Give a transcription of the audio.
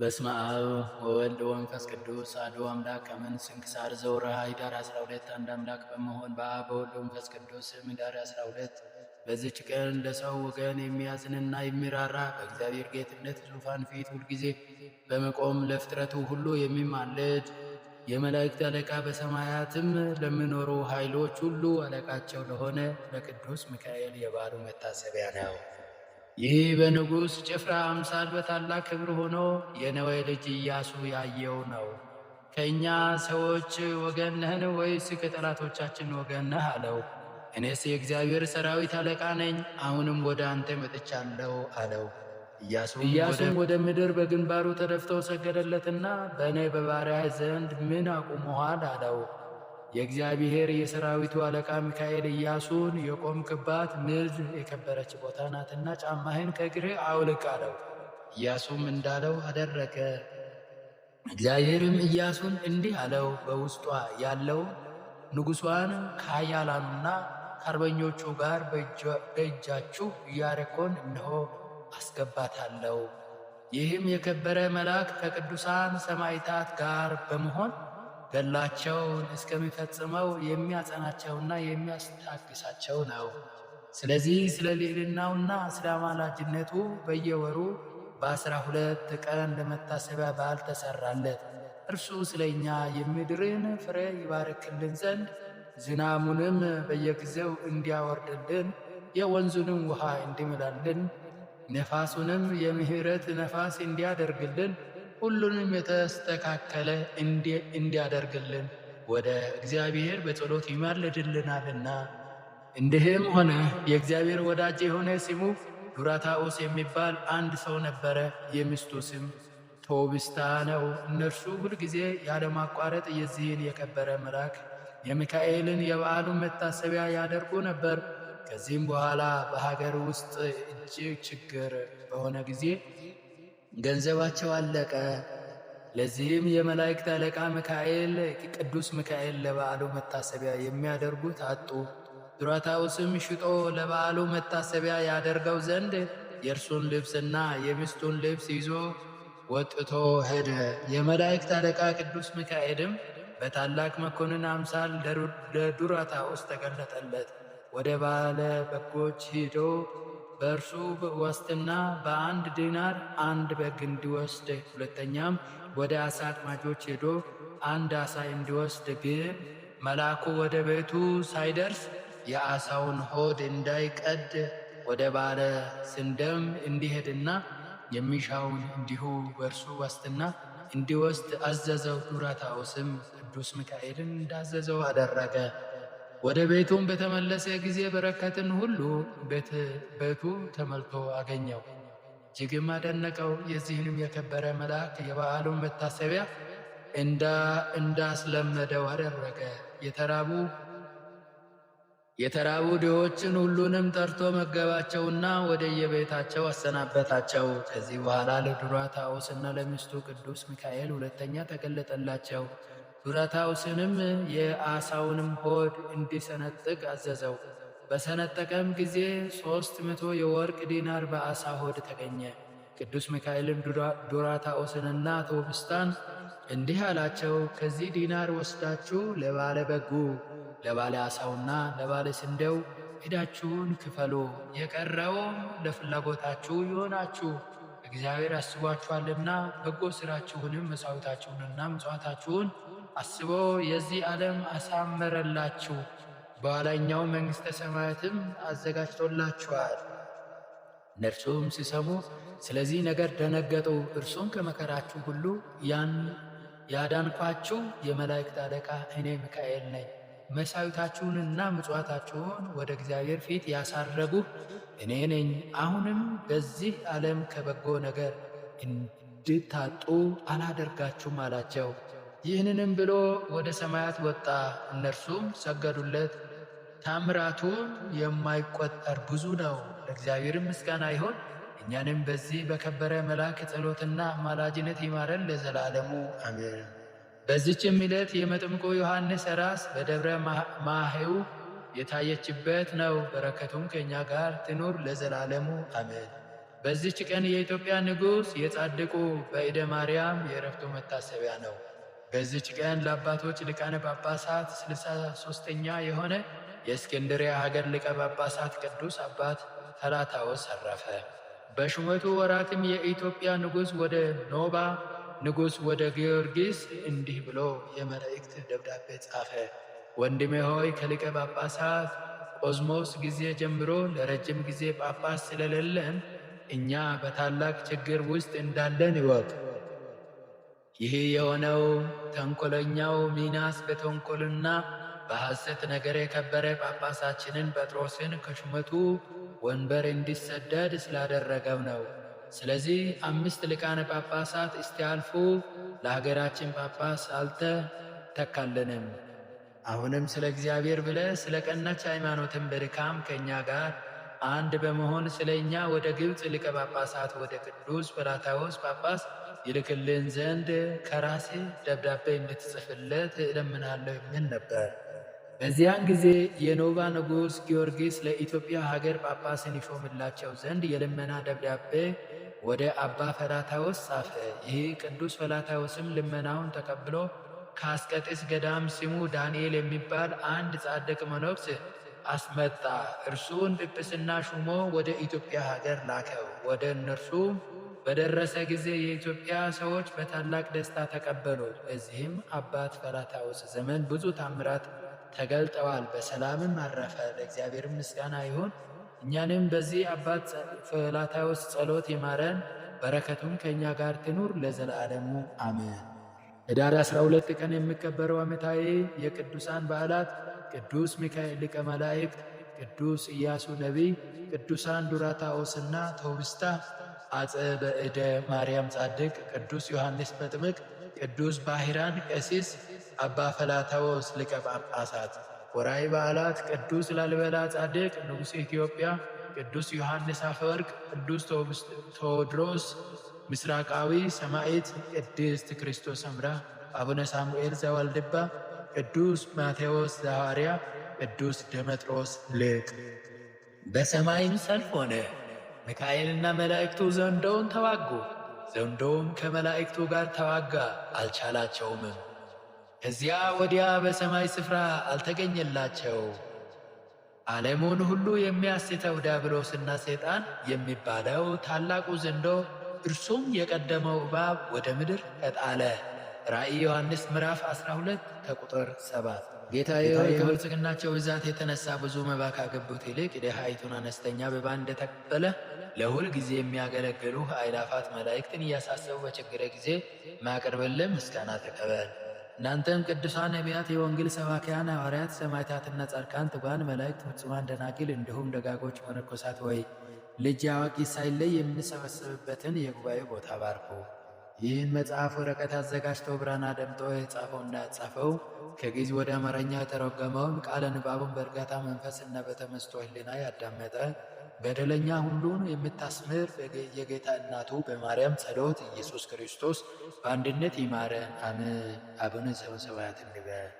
በስመ አብ ወወልድ ወመንፈስ ቅዱስ አሐዱ አምላክ አሜን። ስንክሳር ዘወርኀ ኅዳር 12 አንድ አምላክ በመሆን በአብ በወልድ በመንፈስ ቅዱስ ስም ኅዳር 12 በዚች ቀን ለሰው ወገን የሚያዝንና የሚራራ በእግዚአብሔር ጌትነት ዙፋን ፊት ሁልጊዜ በመቆም ለፍጥረቱ ሁሉ የሚማልድ የመላእክት አለቃ በሰማያትም ለሚኖሩ ኃይሎች ሁሉ አለቃቸው ለሆነ ለቅዱስ ሚካኤል የበዓሉ መታሰቢያ ነው። ይህ በንጉሥ ጭፍራ አምሳል በታላቅ ክብር ሆኖ የነዌ ልጅ ኢያሱ ያየው ነው። ከእኛ ሰዎች ወገን ነህን ወይስ ከጠላቶቻችን ወገን ነህ አለው። እኔስ የእግዚአብሔር ሰራዊት አለቃ ነኝ፣ አሁንም ወደ አንተ መጥቻለሁ አለው። ኢያሱም ወደ ምድር በግንባሩ ተደፍቶ ሰገደለትና በእኔ በባሪያ ዘንድ ምን አቁመዋል አለው። የእግዚአብሔር የሰራዊቱ አለቃ ሚካኤል ኢያሱን የቆምክባት ምድር የከበረች ቦታ ናትና ጫማህን ከእግርህ አውልቅ አለው። ኢያሱም እንዳለው አደረገ። እግዚአብሔርም ኢያሱን እንዲህ አለው፣ በውስጧ ያለው ንጉሷን ከኃያላኑና ከአርበኞቹ ጋር በእጃችሁ ኢያሪኮን እነሆ አስገባታለሁ። ይህም የከበረ መልአክ ከቅዱሳን ሰማዕታት ጋር በመሆን ገድላቸውን እስከሚፈጽመው የሚያጸናቸውና የሚያስታግሳቸው ነው። ስለዚህ ስለ ልዕልናውና ስለ አማላጅነቱ በየወሩ በአስራ ሁለት ቀን ለመታሰቢያ በዓል ተሰራለት። እርሱ ስለ እኛ የምድርን ፍሬ ይባርክልን ዘንድ ዝናሙንም በየጊዜው እንዲያወርድልን የወንዙንም ውሃ እንዲምላልን ነፋሱንም የምሕረት ነፋስ እንዲያደርግልን ሁሉንም የተስተካከለ እንዲያደርግልን ወደ እግዚአብሔር በጸሎት ይማልድልናልና። እንዲህም ሆነ የእግዚአብሔር ወዳጅ የሆነ ስሙ ዱራታኦስ የሚባል አንድ ሰው ነበረ። የሚስቱ ስም ቶብስታ ነው። እነርሱ ሁልጊዜ ያለማቋረጥ የዚህን የከበረ መልአክ የሚካኤልን የበዓሉን መታሰቢያ ያደርጉ ነበር። ከዚህም በኋላ በሀገር ውስጥ እጅግ ችግር በሆነ ጊዜ ገንዘባቸው አለቀ። ለዚህም የመላእክት አለቃ ሚካኤል ቅዱስ ሚካኤል ለበዓሉ መታሰቢያ የሚያደርጉት አጡ። ዱራታውስም ሽጦ ለበዓሉ መታሰቢያ ያደርገው ዘንድ የእርሱን ልብስና የሚስቱን ልብስ ይዞ ወጥቶ ሄደ። የመላእክት አለቃ ቅዱስ ሚካኤልም በታላቅ መኮንን አምሳል ለዱራታውስ ተገለጠለት። ወደ ባለ በጎች ሂዶ በእርሱ ዋስትና በአንድ ዲናር አንድ በግ እንዲወስድ፣ ሁለተኛም ወደ አሳ አጥማጆች ሄዶ አንድ አሳ እንዲወስድ፣ ግን መልአኩ ወደ ቤቱ ሳይደርስ የአሳውን ሆድ እንዳይቀድ ወደ ባለ ስንደም እንዲሄድና የሚሻውን እንዲሁ በእርሱ ዋስትና እንዲወስድ አዘዘው። ዱራታውስም ቅዱስ ሚካኤልን እንዳዘዘው አደረገ። ወደ ቤቱም በተመለሰ ጊዜ በረከትን ሁሉ ቤቱ ተመልቶ አገኘው። እጅግም አደነቀው። የዚህንም የከበረ መልአክ የበዓሉን መታሰቢያ እንዳስለመደው አደረገ። የተራቡ የተራቡ ድሆችን ሁሉንም ጠርቶ መገባቸውና ወደ የቤታቸው አሰናበታቸው። ከዚህ በኋላ ለዱራታውስና ለሚስቱ ቅዱስ ሚካኤል ሁለተኛ ተገለጠላቸው። ዙረታውስንም የአሳውንም ሆድ እንዲሰነጥቅ አዘዘው። በሰነጠቀም ጊዜ ሦስት መቶ የወርቅ ዲናር በአሳ ሆድ ተገኘ። ቅዱስ ሚካኤልም ዱራታኦስንና ቶብስታን እንዲህ አላቸው፣ ከዚህ ዲናር ወስዳችሁ ለባለ በጉ ለባለ አሳውና ለባለ ስንዴው ሂዳችሁን ክፈሉ፣ የቀረውም ለፍላጎታችሁ ይሆናችሁ። እግዚአብሔር አስቧችኋልና በጎ ስራችሁንም መሥዋዕታችሁንና ምጽዋታችሁን አስቦ የዚህ ዓለም አሳመረላችሁ፣ በኋላኛው መንግሥተ ሰማያትም አዘጋጅቶላችኋል። እነርሱም ሲሰሙ ስለዚህ ነገር ደነገጡ። እርሱም ከመከራችሁ ሁሉ ያን ያዳንኳችሁ የመላእክት አለቃ እኔ ሚካኤል ነኝ መሳዊታችሁንና ምጽዋታችሁን ወደ እግዚአብሔር ፊት ያሳረጉ እኔ ነኝ። አሁንም በዚህ ዓለም ከበጎ ነገር እንድታጡ አላደርጋችሁም አላቸው። ይህንንም ብሎ ወደ ሰማያት ወጣ፣ እነርሱም ሰገዱለት። ታምራቱን የማይቆጠር ብዙ ነው። ለእግዚአብሔርም ምስጋና ይሁን። እኛንም በዚህ በከበረ መልአክ ጸሎትና አማላጅነት ይማረን ለዘላለሙ አሜን። በዚችም ዕለት የመጥምቁ ዮሐንስ ራስ በደብረ ማህው የታየችበት ነው። በረከቱም ከእኛ ጋር ትኑር ለዘላለሙ አሜን። በዚች ቀን የኢትዮጵያ ንጉሥ የጻድቁ በኢደ ማርያም የእረፍቱ መታሰቢያ ነው። በዚች ቀን ለአባቶች ሊቃነ ጳጳሳት ስልሳ ሦስተኛ የሆነ የእስክንድሪያ ሀገር ሊቀ ጳጳሳት ቅዱስ አባት ተላታዎስ አረፈ። በሹመቱ ወራትም የኢትዮጵያ ንጉሥ ወደ ኖባ ንጉሥ ወደ ጊዮርጊስ እንዲህ ብሎ የመልእክት ደብዳቤ ጻፈ። ወንድሜ ሆይ ከሊቀ ጳጳሳት ቆዝሞስ ጊዜ ጀምሮ ለረጅም ጊዜ ጳጳስ ስለሌለን እኛ በታላቅ ችግር ውስጥ እንዳለን ይወቅ። ይህ የሆነው ተንኮለኛው ሚናስ በተንኮልና በሐሰት ነገር የከበረ ጳጳሳችንን ጴጥሮስን ከሹመቱ ወንበር እንዲሰደድ ስላደረገው ነው። ስለዚህ አምስት ሊቃነ ጳጳሳት እስቲያልፉ ለሀገራችን ጳጳስ አልተተካለንም። አሁንም ስለ እግዚአብሔር ብለ ስለ ቀናች ሃይማኖትን በድካም ከእኛ ጋር አንድ በመሆን ስለ እኛ ወደ ግብፅ ሊቀ ጳጳሳት ወደ ቅዱስ በላታዎስ ጳጳስ ይልክልን ዘንድ ከራሴ ደብዳቤ እንድትጽፍለት እለምናለሁ የሚል ነበር። በዚያን ጊዜ የኖባ ንጉሥ ጊዮርጊስ ለኢትዮጵያ ሀገር ጳጳስን ይሾምላቸው ዘንድ የልመና ደብዳቤ ወደ አባ ፈላታዎስ ጻፈ። ይህ ቅዱስ ፈላታዎስም ልመናውን ተቀብሎ ከአስቀጢስ ገዳም ስሙ ዳንኤል የሚባል አንድ ጻድቅ መነኩሴ አስመጣ። እርሱን ጵጵስና ሹሞ ወደ ኢትዮጵያ ሀገር ላከው። ወደ እነርሱ በደረሰ ጊዜ የኢትዮጵያ ሰዎች በታላቅ ደስታ ተቀበሉት። በዚህም አባት ፈላታዎስ ዘመን ብዙ ታምራት ተገልጠዋል። በሰላምም አረፈ። ለእግዚአብሔር ምስጋና ይሁን። እኛንም በዚህ አባት ፈላታዮስ ጸሎት ይማረን፣ በረከቱን ከእኛ ጋር ትኑር ለዘላለሙ አሜን። ህዳር 12 ቀን የሚከበረው ዓመታዊ የቅዱሳን በዓላት ቅዱስ ሚካኤል ሊቀ መላእክት፣ ቅዱስ ኢያሱ ነቢይ፣ ቅዱሳን ዱራታኦስና ተውብስታ፣ አፄ በእደ ማርያም ጻድቅ፣ ቅዱስ ዮሐንስ መጥምቅ፣ ቅዱስ ባህራን ቀሲስ፣ አባ ፈላታዎስ ሊቀ ጳጳሳት ወራይ በዓላት ቅዱስ ላሊበላ ጻድቅ ንጉሥ ኢትዮጵያ፣ ቅዱስ ዮሐንስ አፈወርቅ፣ ቅዱስ ቴዎድሮስ ምስራቃዊ ሰማዕት፣ ቅድስት ክርስቶስ አምራ አቡነ ሳሙኤል ዘዋልድባ፣ ቅዱስ ማቴዎስ ዘሐዋርያ፣ ቅዱስ ደመጥሮስ ሊቅ። በሰማይም ሰልፍ ሆነ፣ ሚካኤልና መላእክቱ ዘንዶውን ተዋጉ። ዘንዶውም ከመላእክቱ ጋር ተዋጋ፣ አልቻላቸውምም። ከዚያ ወዲያ በሰማይ ስፍራ አልተገኘላቸው። ዓለሙን ሁሉ የሚያስተው ዲያብሎስና ሰይጣን የሚባለው ታላቁ ዘንዶ እርሱም የቀደመው እባብ ወደ ምድር ተጣለ። ራእይ ዮሐንስ ምዕራፍ 12 ከቁጥር 7። ጌታ ከብልጽግናቸው ብዛት የተነሳ ብዙ መባ ካገቡት ይልቅ የድሃይቱን አነስተኛ በባ እንደተቀበለ ለሁል ጊዜ የሚያገለግሉ አእላፋት መላእክትን እያሳሰቡ በችግረ ጊዜ ማቅርብልም ምስጋና ተቀበል። እናንተም ቅዱሳን ነቢያት፣ የወንጌል ሰባኪያን ሐዋርያት፣ ሰማዕታትና ጻድቃን፣ ትጉሃን መላእክት፣ ፍጹማን ደናግል እንዲሁም ደጋጎች መነኮሳት ወይ ልጅ አዋቂ ሳይለይ የምንሰበሰብበትን የጉባኤ ቦታ ባርኩ። ይህን መጽሐፍ ወረቀት አዘጋጅተው ብራና ደምጦ የጻፈው እንዳጻፈው ከግዕዝ ወደ አማርኛ የተረጎመውን ቃለ ንባቡን በእርጋታ መንፈስና በተመስጦ ሕሊና ያዳመጠ በደለኛ ሁሉን የምታስምር የጌታ እናቱ በማርያም ጸሎት ኢየሱስ ክርስቶስ በአንድነት ይማረን። አምን አቡነ ዘበሰማያት ይትቀደስ